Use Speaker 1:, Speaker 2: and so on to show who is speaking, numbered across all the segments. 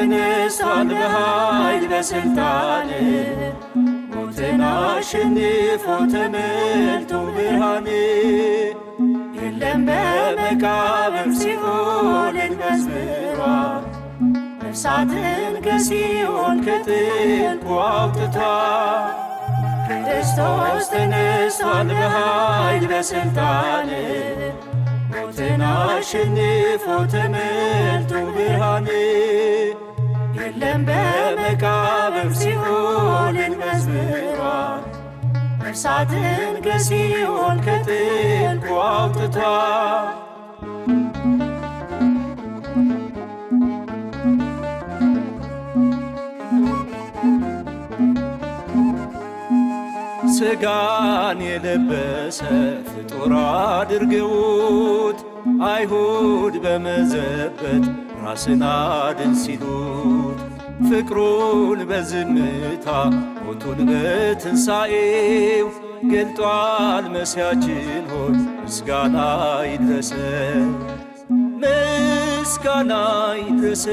Speaker 1: ተነስቷል በኃይል በሥልጣን ሞትን አሸንፎ ተመልቶ ብርሃን የለም በመቃብር ሲኦልን መዝብሯ ነፍሳትን ከሲኦል ከጥልቁ አውጥታ ክርስቶስ ተነስቷል በኃይል በሥልጣን ሞትን አሸንፎ ተመልቶ ብርሃን የለም በመቃብር ሲኦልን መዝብሯል። ነፍሳትን ከሲኦል ከጥልቁ አውጥቷል።
Speaker 2: ሥጋን የለበሰ ፍጡር አድርገውት አይሁድ በመዘበት ራስን አድን ሲሉት ፍቅሩን በዝምታ ሞቱን በትንሣኤው ገልጧል መሲያችን ሆይ ምስጋና ይድረስ ምስጋና ይድረስ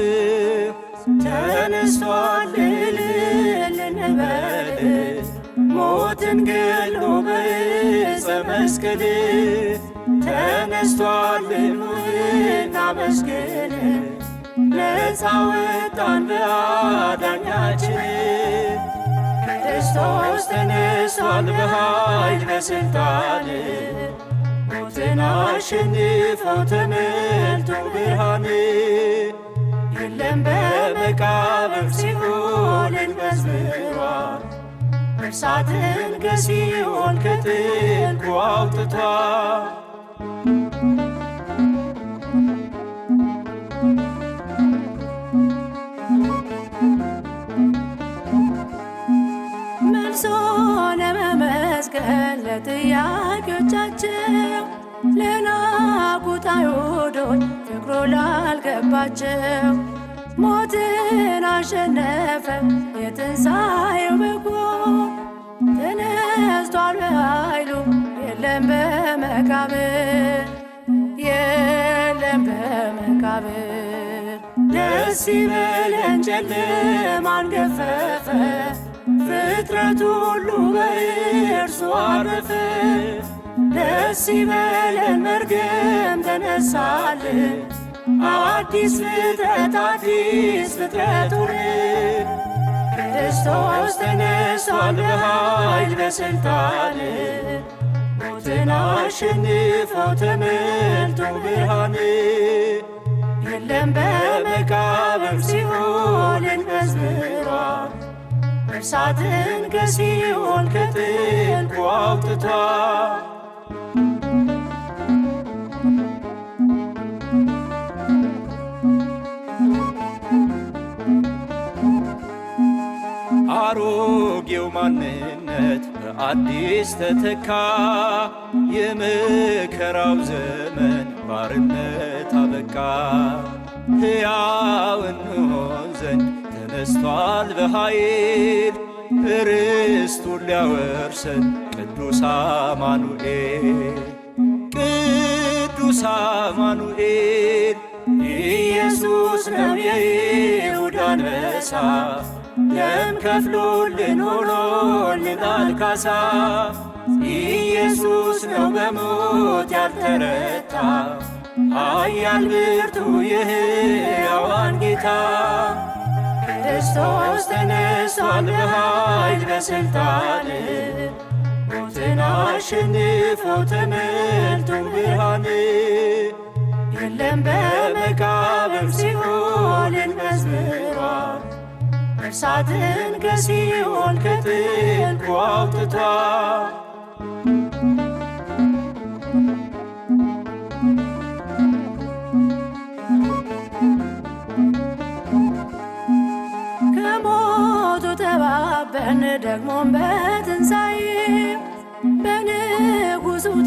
Speaker 1: ተነስቷል ልንበል ሞትን ገሎ በዕፀ መስቀል ተነስቷል እናመስግን ነፃ ወጣን በአዳኛችን ክርስቶስ ተነስቷል በኃይል በስልጣን ሞትን አሸንፎ ተመልቶ ብርሃን የለም በመቃብር ሲኦልን በዝብሯ እሳትን ከሲኦል ከጥልቁ አውጥቷ
Speaker 3: መስክን ለጥያቄዎቻቸው ለናቁት አይሁዶች ፍቅሩ ላልገባቸው ሞትን አሸነፈ የትንሣኤው በኩር ተነስቷል በኃይሉ የለም በመቃብር የለም በመቃብር
Speaker 1: ደስ ይበለን ጨለማን ገፈፈ ፍጥረቱ ሁሉ በእርሱ አረፈ። ደስ ይበለን መርገም ተነሳልን። አዲስ ፍጥረት አዲስ ፍጥረት ሁን ክርስቶስ ተነሷል በኃይል በስልጣን ሞትን አሸንፈው ተመልቶ ብርሃን የለም በመቃብር ሲኦልን መዝብሯል ነፍሳትን ከሲኦል ከጥልቁ አውጥታ
Speaker 2: አሮጌው ማንነት በአዲስ ተተካ። የመከራው ዘመን ባርነት አበቃ። ሕያው እንሆን ዘንድ ተነስቷል በኃይል ርስቱን ሊያወርሰን ቅዱስ አማኑኤል ቅዱስ አማኑኤል
Speaker 1: ኢየሱስ ነው የይሁዳ አንበሳ ደም ከፍሎልን ሆኖልናል ካሳ ኢየሱስ ነው በሞት ያልተረታ ኃያል ብርቱ የሕያዋን ጌታ ክርስቶስ ተነስቷል በኃይል በሥልጣን ሞትን አሸንፎ ተመልቶ ብርሃን የለም በመቃብር ሲኦልን መዝብሯል ነፍሳትን ከሲኦል ከጥልቁ አውጥቷል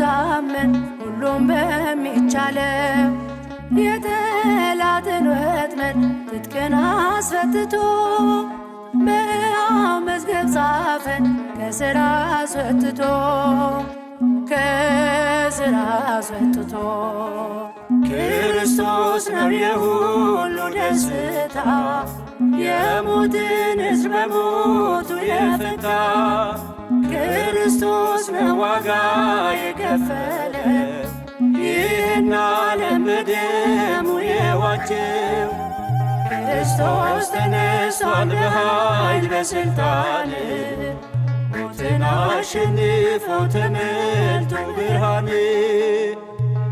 Speaker 3: ታመን ሁሉም በሚቻለው የጠላትን ወጥመድ ትጥቅን አስፈትቶ በሕያው መዝገብ ጻፈን ከስራ አስወጥቶ ከስራ አስወጥቶ
Speaker 1: ክርስቶስ ነው የሁሉ ደስታ የሞትን እስር በሞቱ የፈታ ክርስቶስ ነዋጋ የከፈለ ይህና ለምድሙ የዋጅው ክርስቶስ ተነሷል በኃይል በስልጣን ሞትን አሸንፎ ትምህርቱ ብርሃን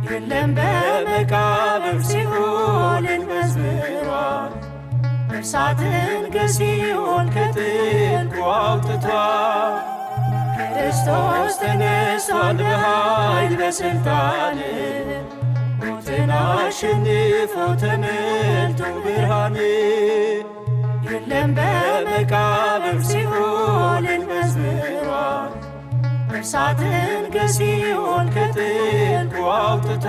Speaker 1: የለም በመቃብር ሲኦልን በዝብሯል እሳትን ገሲኦል ከጥልቁ አውጥቷል ክርስቶስ ተነስቷል በኃይል በስልጣን ሞትን አሸንፎ ተመልቶ ብርሃን የለም በመቃብር ሲኦልን መዝብሯ ነፍሳትን ከሲኦል ከጥልቁ አውጥቷ